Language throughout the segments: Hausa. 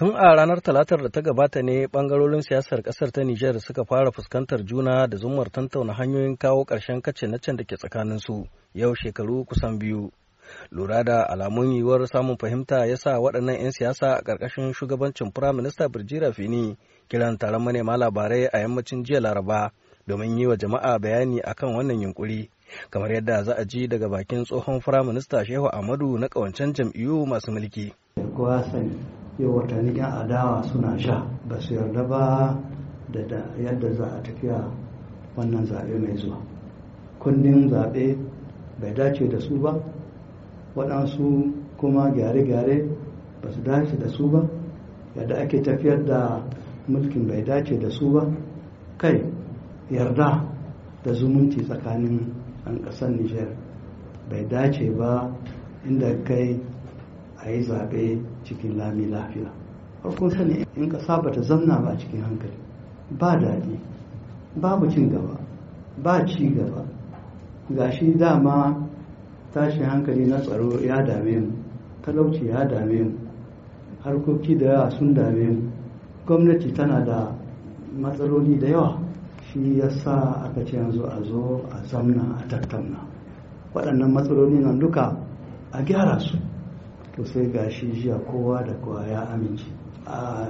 Tun a ranar talatar da ta gabata ne bangarorin siyasar kasar ta Nijar suka fara fuskantar juna da zumar tantauna hanyoyin kawo ƙarshen kace na can da ke tsakaninsu yau shekaru kusan biyu. Lura da alamun yiwuwar samun fahimta ya sa waɗannan 'yan siyasa a ƙarƙashin shugabancin Firaminista Birjira Fini kiran taron manema labarai a yammacin jiya Laraba domin yi wa jama'a bayani akan wannan yunkuri. kamar yadda za a ji daga bakin tsohon firaminista shehu ahmadu na ƙawancen jam'iyyu masu mulki. yau watanni 'yan adawa suna sha ba su yarda ba da yadda za a tafiya wannan zaɓe mai zuwa kundin zaɓe bai dace da su ba waɗansu kuma gyare-gyare ba su dace da su ba yadda ake tafiyar da mulkin bai dace da su ba kai yarda da zumunci tsakanin ƙasar nijar bai dace ba inda kai a yi zaɓe cikin lami lafiya farko sani in ka ba zamna ba cikin hankali ba daɗi babu cin gaba ba ci gaba Ga gashi dama tashin hankali na tsaro ya dame mu talauci ya dame mu harkoki da yawa sun dame mu gwamnati tana da matsaloli da yawa shi ya sa aka ce yanzu a zo a zamna a tattauna waɗannan matsaloli nan duka a gyara su to sai ga shi jiya kowa da kowa ya amince a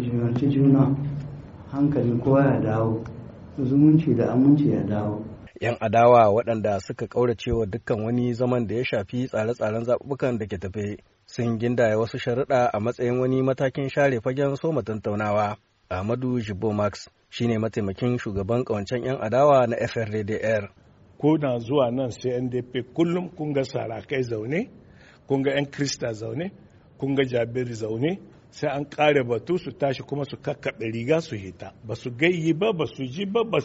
jimarci juna hankali kowa ya dawo zumunci da aminci ya dawo 'yan adawa waɗanda suka wa dukkan wani zaman da ya shafi tsare-tsaren zaɓuɓɓukan da ke tafe sun gindaya wasu sharuɗa a matsayin wani matakin share fagen soma tattaunawa. Ahmadu Jibo Max shine mataimakin shugaban ƙawancen 'yan adawa na frdr Ko na zuwa nan sai NDP kullum kun ga sarakai zaune kun ga 'yan krista zaune kun ga jabiru zaune sai an kare batu su tashi kuma su kakkaɓe riga su hita ba su gayyi ba ba su ji ba ba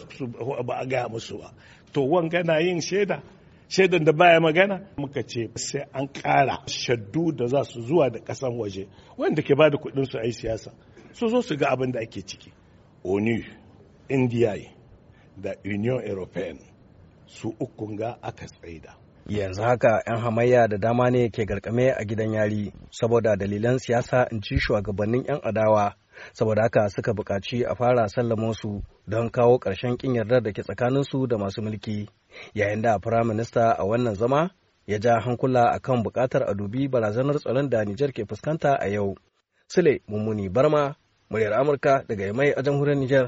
a gaya musu ba to wanga na yin shaida shaidan da baya magana muka ce sai an kara shaddu da za su zuwa da ƙasan waje wanda ke bada kuɗin su yi siyasa su zo su ga abin da ake ciki onu india da union european su ukun aka tsaida yanzu haka 'yan hamayya da dama ne ke garkame a gidan yari saboda dalilan siyasa in ci shugabannin 'yan adawa saboda haka suka bukaci a fara sallamo su don kawo ƙarshen ƙin yardar da ke tsakanin su da masu mulki yayin da firayim minista a wannan zama ya ja hankula a kan bukatar a dubi barazanar tsaron da Nijar ke fuskanta a yau. Sule Mummuni Barma, muryar Amurka daga Yamai a jamhuriyar Nijar.